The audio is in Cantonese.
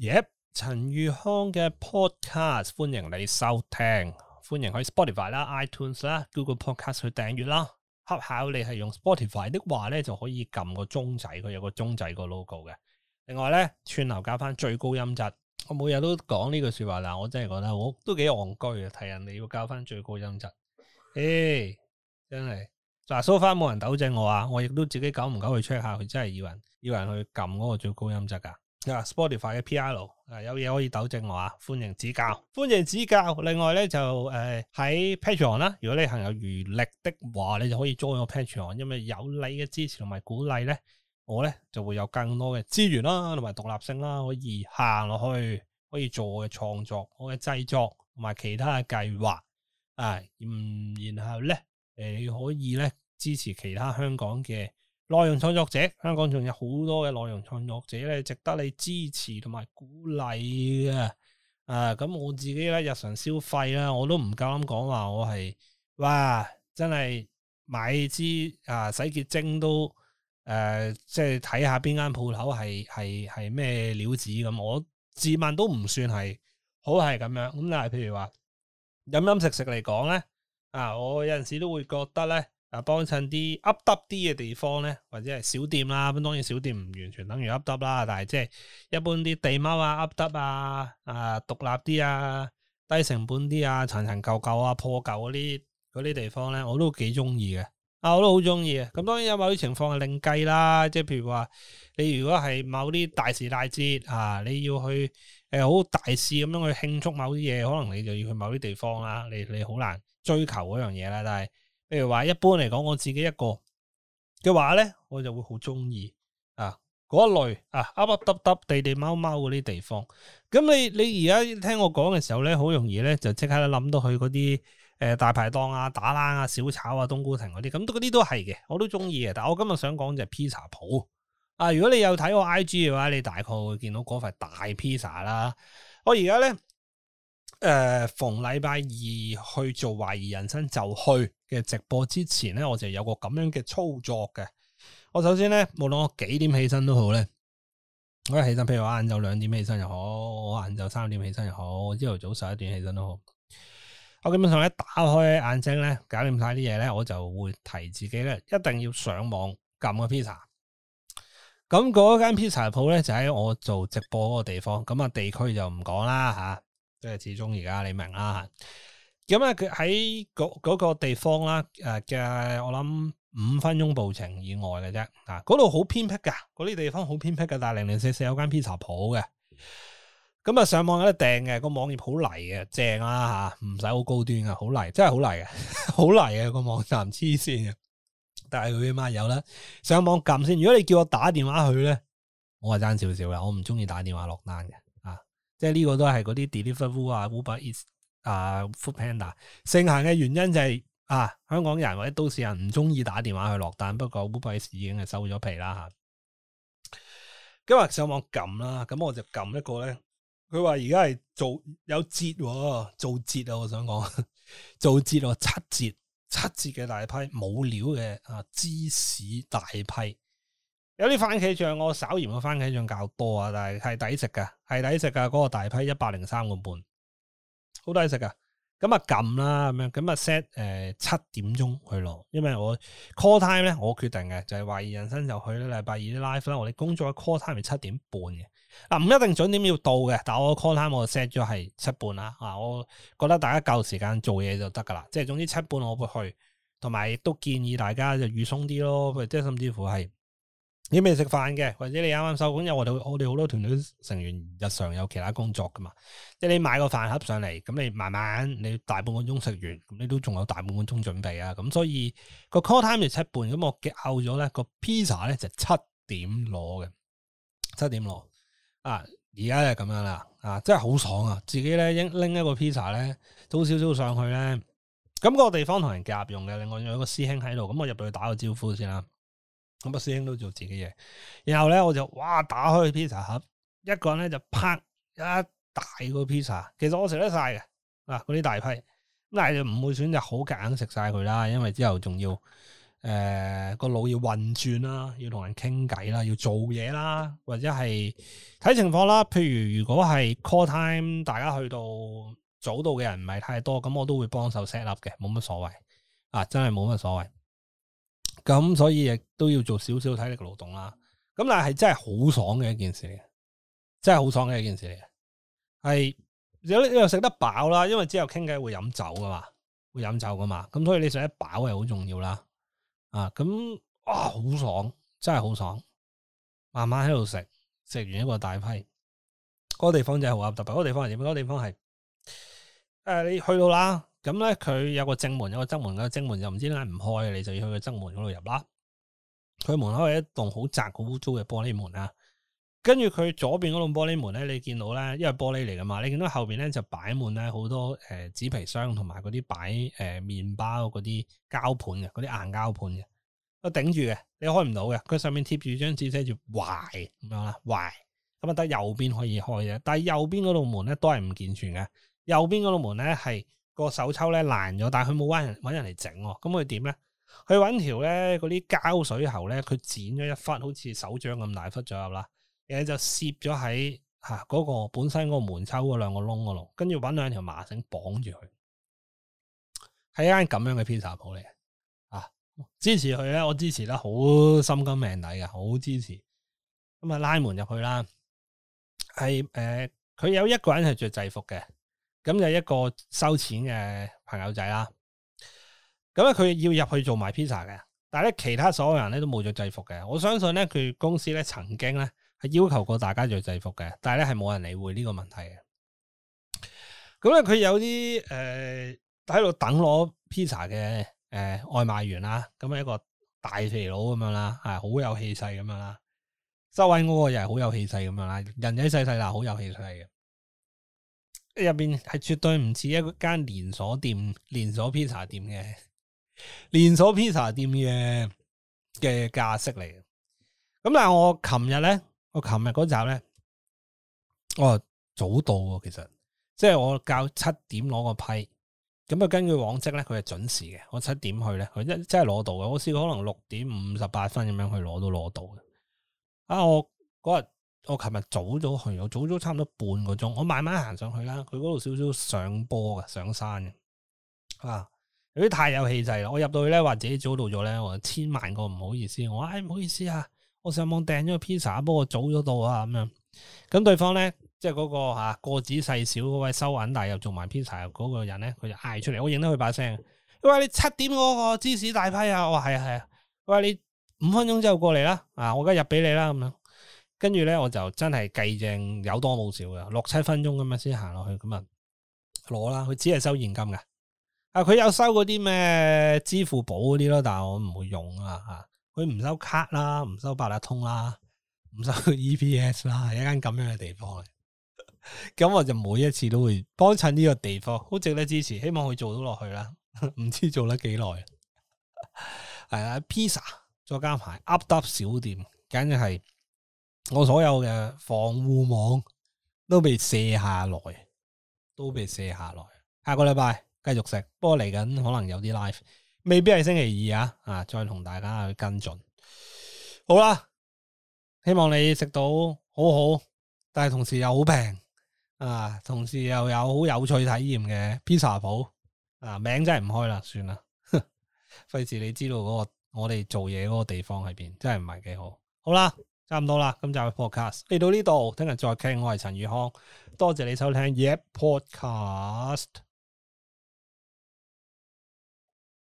耶！陳、yep, 宇康嘅 podcast，歡迎你收聽，歡迎去 Spotify 啦、iTunes 啦、Google Podcasts, 去訂閱啦。恰巧你係用 Spotify 的話呢，就可以撳個鐘仔，佢有個鐘仔個 logo 嘅。另外呢，串流教翻最高音質，我每日都講呢句說話啦。我真係覺得我都幾戇居啊，提人哋要教翻最高音質，誒、hey，真係 So far 冇人糾正我啊，我亦都自己久唔久去 check 下，佢真係要人要人去撳嗰個最高音質㗎。Spotify 嘅 P.R. 啊，有嘢可以糾正我啊，歡迎指教，歡迎指教。另外咧就誒喺、呃、Patreon 啦，如果你行有餘力的話，你就可以 join 我 Patreon，因為有你嘅支持同埋鼓勵咧，我咧就會有更多嘅資源啦，同埋獨立性啦，可以行落去，可以做我嘅創作、我嘅製作同埋其他嘅計劃啊。嗯，然後咧誒、呃、可以咧支持其他香港嘅。內容創作者，香港仲有好多嘅內容創作者咧，值得你支持同埋鼓勵嘅。啊，咁我自己咧日常消費啦，我都唔夠膽講話我係，哇！真係買支啊洗潔精都，誒、呃，即係睇下邊間鋪頭係係係咩料子咁，我自問都唔算係，好係咁樣。咁但係譬如話飲飲食食嚟講咧，啊，我有陣時都會覺得咧。啊，幫襯啲 up up 啲嘅地方咧，或者係小店啦。咁當然小店唔完全等於 up up 啦，但係即係一般啲地貓啊、up up 啊、啊獨立啲啊、低成本啲啊、殘殘舊舊啊、破舊嗰啲嗰啲地方咧，我都幾中意嘅。啊，我都好中意啊。咁當然有某啲情況係另計啦。即係譬如話，你如果係某啲大時大節啊，你要去誒好大肆咁樣去慶祝某啲嘢，可能你就要去某啲地方啦。你你好難追求嗰樣嘢啦，但係。譬如話，一般嚟講，我自己一個嘅話咧，我就會好中意啊嗰一類啊，凹凹凸凸地地貓貓嗰啲地方。咁你你而家聽我講嘅時候咧，好容易咧就即刻諗到去嗰啲誒大排檔啊、打冷啊、小炒啊、冬菇亭嗰啲。咁嗰啲都係嘅，我都中意嘅。但係我今日想講就係披薩鋪啊。如果你有睇我 IG 嘅話，你大概會見到嗰塊大披薩啦。我而家咧誒，逢禮拜二去做懷疑人生就去嘅直播之前咧，我就有個咁樣嘅操作嘅。我首先咧，無論我幾點起身都好咧，我起身，譬如話晏晝兩點起身又好，我晏晝三點起身又好，朝頭早十一點起身都好。我基本上一打開眼睛咧，搞掂晒啲嘢咧，我就會提自己咧，一定要上網撳個披薩。咁嗰間披薩鋪咧就喺我做直播嗰個地方，咁啊地區就唔講啦吓，即係始終而家你明啦。咁啊，佢喺嗰嗰個地方啦，誒嘅，我諗五分鐘步程以外嘅啫。啊，嗰度好偏僻噶，嗰啲地方好偏僻噶，但係零零四四有間披薩鋪嘅。咁啊，就上啊呵呵、這個媽媽，上網有得訂嘅，個網頁好黎嘅，正啦吓，唔使好高端嘅，好黎，真係好黎嘅，好黎嘅個網站黐線嘅。但係佢起碼有啦，上網撳先。如果你叫我打電話去咧，我係爭少少啦，我唔中意打電話落單嘅。啊，即係呢個都係嗰啲 delivery 啊，Uber Eats 啊，Food Panda，盛行嘅原因就係、是、啊，香港人或者都市人唔中意打電話去落單，不過 Uber Eats 已經係收咗皮啦吓。今日上網撳啦，咁我，我就撳一個咧。佢話而家係做有折、哦，做折啊、哦！我想講做折、哦、啊，七折七折嘅大批冇料嘅啊芝士大批。有啲番茄醬，我稍嫌嘅番茄醬較多啊，但係係抵食嘅，係抵食嘅嗰個大批一百零三個半。好抵食噶，咁啊撳啦咁樣，咁啊 set 誒七點鐘去咯，因為我 call time 咧我決定嘅，就係、是、懷疑人生就去禮拜二啲 live 啦。我哋工作嘅 call time 係七點半嘅，啊唔一定準點要到嘅，但係我 call time 我就 set 咗係七半啦。啊，我覺得大家夠時間做嘢就得噶啦，即係總之七半我會去，同埋亦都建議大家就預鬆啲咯，即係甚至乎係。你未食飯嘅，或者你啱啱收工又，我哋我哋好多團隊成員日常有其他工作噶嘛，即係你買個飯盒上嚟，咁你慢慢你大半個鐘食完，咁你都仲有大半個鐘準備啊，咁所以個 call time 就七半，咁我嘅 o 咗咧個 pizza 咧就七點攞嘅，七點攞啊，而家就咁樣啦，啊，真係好爽啊，自己咧拎一個 pizza 咧，早少少上去咧，咁個地方同人夾用嘅，另外有一個師兄喺度，咁我入去打個招呼先啦。咁啊，師兄都做自己嘢。然後咧，我就哇打開個披薩盒，一個人咧就啪一大個披薩。其實我食得晒嘅嗱，嗰、啊、啲大批，但係就唔會選擇好夾硬食晒佢啦。因為之後仲要誒個、呃、腦要運轉啦，要同人傾偈啦，要做嘢啦，或者係睇情況啦。譬如如果係 call time，大家去到早到嘅人唔係太多，咁我都會幫手 set up 嘅，冇乜所謂啊，真係冇乜所謂。咁所以亦都要做少少體力嘅勞動啦。咁但係真係好爽嘅一件事嚟嘅，真係好爽嘅一件事嚟嘅。係又又食得飽啦，因為之後傾偈會飲酒噶嘛，會飲酒噶嘛。咁所以你食得飽係好重要啦。啊，咁哇，好爽，真係好爽。慢慢喺度食，食完一個大批。嗰、那個地方真係好特別。嗰、那個地方係點？嗰、那個地方係誒、呃，你去到啦。咁咧，佢、嗯、有個正門，有個側門。個正門就唔知拉唔開，你就要去個側門嗰度入啦。佢門口係一棟好窄、好污糟嘅玻璃門啊。跟住佢左邊嗰棟玻璃門咧，你見到咧，因為玻璃嚟噶嘛，你見到後邊咧就擺滿咧好多誒紙、呃、皮箱，同埋嗰啲擺誒麵包嗰啲膠盤嘅，嗰啲硬膠盤嘅，都頂住嘅，你開唔到嘅。佢上面貼住張紙，寫住壞咁樣啦，壞。咁啊，得右邊可以開嘅，但係右邊嗰棟門咧，都係唔健全嘅。右邊嗰棟門咧係。個手抽咧爛咗，但係佢冇搵人搵人嚟整，咁佢點咧？佢搵條咧嗰啲膠水喉咧，佢剪咗一忽，好似手掌咁大忽左右啦，然後就攝咗喺吓嗰個本身個門抽嗰兩個窿嗰度，跟住搵兩條麻繩綁住佢。係一間咁樣嘅披薩鋪嚟，啊支持佢咧，我支持得好心甘命抵嘅，好支持。咁啊，拉門入去啦，係誒，佢、呃、有一個人係着制服嘅。咁就一個收錢嘅朋友仔啦，咁咧佢要入去做埋披薩嘅，但係咧其他所有人咧都冇着制服嘅。我相信咧佢公司咧曾經咧係要求過大家着制服嘅，但係咧係冇人理會呢個問題嘅。咁咧佢有啲誒喺度等攞披薩嘅誒外賣員啦，咁樣一個大肥佬咁樣啦，係好有氣勢咁樣啦。周圍嗰個又係好有氣勢咁樣啦，人仔細細啦，好有氣勢嘅。入邊係絕對唔似一間連鎖店，連鎖披薩店嘅，連鎖披薩店嘅嘅架式嚟嘅。咁但係我琴日咧，我琴日嗰集咧，我、哦、早到喎。其實即係我較七點攞個批，咁啊，根據往績咧，佢係準時嘅。我七點去咧，佢一真係攞到嘅。我試過可能六點五十八分咁樣去攞都攞到嘅。啊，我嗰日。我琴日早咗去，我早咗差唔多半個鐘，我慢慢行上去啦。佢嗰度少少上坡嘅，上山嘅啊，有啲太有氣勢啦。我入到去咧，話自己早到咗咧，我千萬個唔好意思，我話唉唔、哎、好意思啊，我上網訂咗個 pizza，不過我早咗到啊咁樣。咁對方咧，即係嗰、嗰個啊，個子細小嗰位收銀，但係又做埋 pizza 嗰個人咧，佢就嗌出嚟，我認得佢把聲。佢話你七點嗰個芝士大批啊，我係啊係啊。佢話、啊、你五分鐘之後過嚟啦，啊我而家入俾你啦咁樣。跟住咧，我就真係計正有多冇少嘅，六七分鐘咁樣先行落去咁啊，攞啦！佢只係收現金嘅，啊佢有收嗰啲咩支付寶嗰啲咯，但係我唔會用啊，吓佢唔收卡啦，唔收八達通啦，唔收 EPS 啦，係一間咁樣嘅地方。咁 我就每一次都會幫襯呢個地方，好值得支持，希望佢做到落去啦。唔知做得幾耐？係 啊，披 薩、啊、再加埋 Up Up 小店，簡直係～我所有嘅防護網都被卸下來，都被卸下來。下個禮拜繼續食，不過嚟緊可能有啲 live，未必係星期二啊。啊，再同大家去跟進。好啦，希望你食到好好，但係同時又好平啊，同時又有好有趣體驗嘅披薩鋪啊，名真係唔開啦，算啦，費事你知道嗰個我哋做嘢嗰個地方喺邊，真係唔係幾好。好啦。差唔多啦，咁就播 cast 嚟到呢度，聽日再傾。我係陳宇康，多謝你收聽 Yap Podcast。